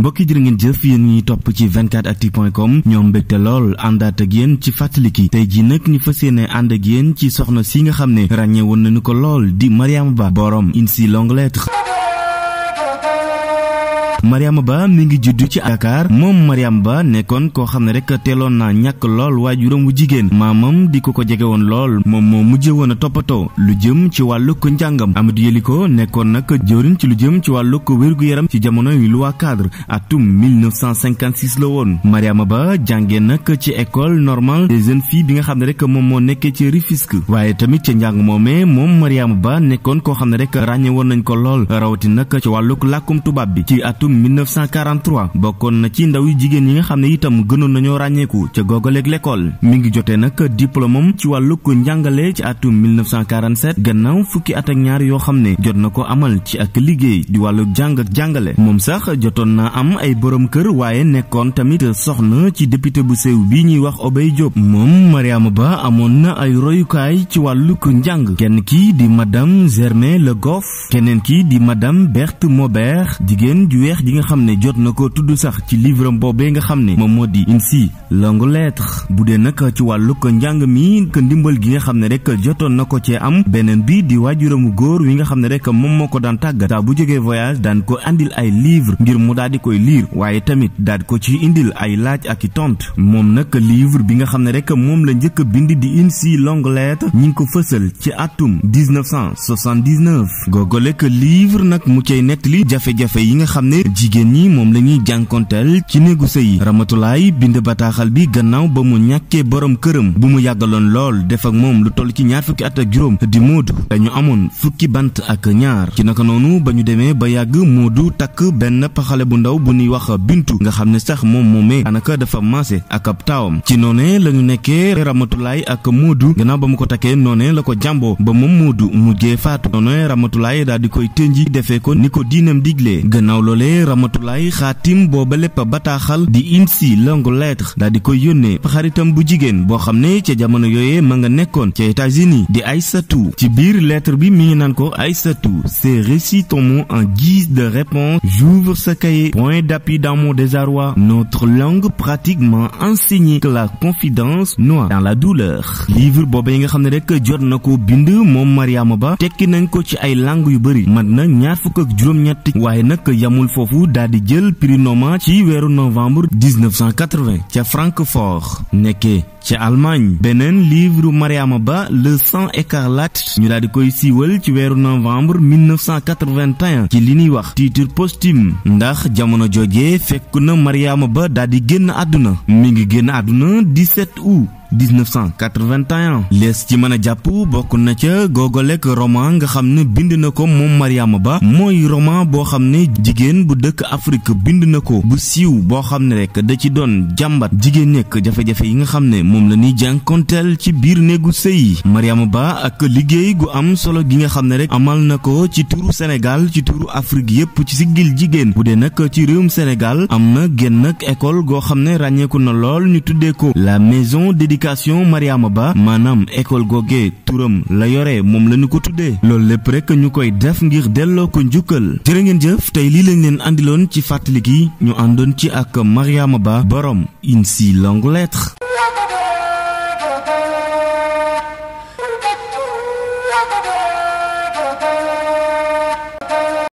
mbokki jërë ngeen jëf yéen ñi topp ci 24actu.com ñoom mbégte lool àndaat ak yéen ci fàttaliki tey jii nag ñu fas yéene ànd ak ci soxna si nga xam ne ràññeewu woon nañu ko lool di Mariama Ba boroom une si longue lettre Mariama Ba mi ngi juddu ci Dakar moom Mariama Ba nekkoon koo xam ne rek teeloon naa ñàkk lool waa waajuram wu jigéen maamam di ko ko jege woon lool moom moo mujj woon a toppatoo lu jëm ci wàllu ko njàngam Amadou Yeliko nekkoon nag jëwriñ ci lu jëm ci wàllu ko wér yaram ci jamono yu loi cadre atum 1956 la woon Mariama Ba jàngee nag ci école normal des jeunes fii bi nga xam ne rek moom moo nekkee ci Rufisque waaye tamit ca njàng moomee moom Mariama Ba nekkoon koo xam ne rek ràññe woon nañ ko lool rawati nag ci wàllu làkkum bi atum 1943 bokkoon na ci ndaw yu jigéen yi nga xam ne itam gënoon nañoo ràññeeku ca googaleeg l'école mi ngi jotee nag diplômam ci wàllu ko njàngale ci atum 1947 gannaaw fukki at ak ñaar yoo xam ne jot na ko amal ci ak liggéey di wàllu jàng ak jàngale moom sax jotoon naa am ay boroom kër waaye nekkoon tamit soxna ci député bu sew bi ñuy wax Obey Diop moom Mariama Ba amoon na ay royukaay ci wàllu ko njàng kenn kii di madame Germaine Le Goff keneen kii di madame Berthe wax ji nga xam ne jot na ko tudd sax ci livre am boobee nga xam ne moom moo di une si longue lettre bu dee nag ci wàllu ko njàng mi ko ndimbal gi nga xam ne rek jotoon na ko cee am beneen bi di waajuramu góor wi nga xam ne rek moom moo ko daan tàggat bu jógee voyage daan ko andil ay livre ngir mu daal di koy liir waaye tamit daal ko ci indil ay laaj ak i tontu moom nag livre bi nga xam ne rek moom la njëkk bind di une si longue lettre ñi ngi ko fësal ci atum 1979 googole que livre nag mu cay nettali jafe-jafe yi nga xam ne jigéen ñi moom la ñuy jànkonteel ci néegu sëy Ramatulaay bind bataaxal bi gannaaw ba mu ñàkkee borom këram bu mu yàggaloon lool def ak moom lu toll ci ñaar fukki at ak juróom di Moodu dañu amoon fukki bant ak ñaar ci naka noonu ba ñu demee ba yàgg Moodu takk benn paxale bu ndaw bu ñuy wax Bintu nga xam ne sax moom moomee anaka dafa maase ak ab taawam ci noonee la ñu nekkee Ramatulaay ak Moodu gannaaw ba mu ko takkee noonee la ko jàmboo ba moom Moodu mujjee faatu noonee Ramatulaay daal ne Ramatoulaye xaatim booba lépp bataaxal di INSI longue lettre daal di koy yónnee xaritam bu jigéen boo xam ne ca jamono yooyee ma nga nekkoon ca États-Unis di Aïssatou ci biir lettre bi mi ngi naan ko Aïssatou c'est récit ton mot en guise de réponse j'ouvre ce cahier point d'appui dans mon désarroi notre langue pratiquement enseignée que la confidence noie dans la douleur livre booba yi nga xam ne rek jot na ko bind moom Mariama Ba tekki nañ ko ci ay langue yu bëri foofu daal di jël prix Noma ci weeru novembre 1980 ca Francfort nekkee ca Allemagne beneen livre Mariama Ba le sang écarlate ñu daal di koy siiwal ci weeru novembre 1981 ci li ñuy wax titre posthume ndax jamono jooje fekk na Mariama Ba daal di génn àdduna mi ngi génn àdduna 17 1981 lees ci mën a jàpp bokk na ca googolek roman nga xam ne bind na ko moom Mariama Ba mooy roman boo xam ne jigéen bu dëkk Afrique bind na ko bu siiw boo xam ne rekk da ci doon jàmbat jigéen nekk jafe-jafe yi nga xam ne moom la ñuy jànkonteel ci biir néegu sëy Mariama Ba ak liggéey gu am solo gi nga xam ne rek amal na ko ci turu Sénégal ci turu Afrique yépp ci siggil jigéen bu dee nag ci réewum Sénégal am na génn ak école goo xam ne ràññeeku na lool ñu tuddee éducation Mariama Ba maanaam école googee turam la yore moom la ko tuddee loolu lépp rek ñu koy def ngir delloo ko njukkal jërë ngeen jëf tey lii lañ leen andiloon ci fàttali gi ñu àndoon ci ak Mariama Ba borom une si longue lettre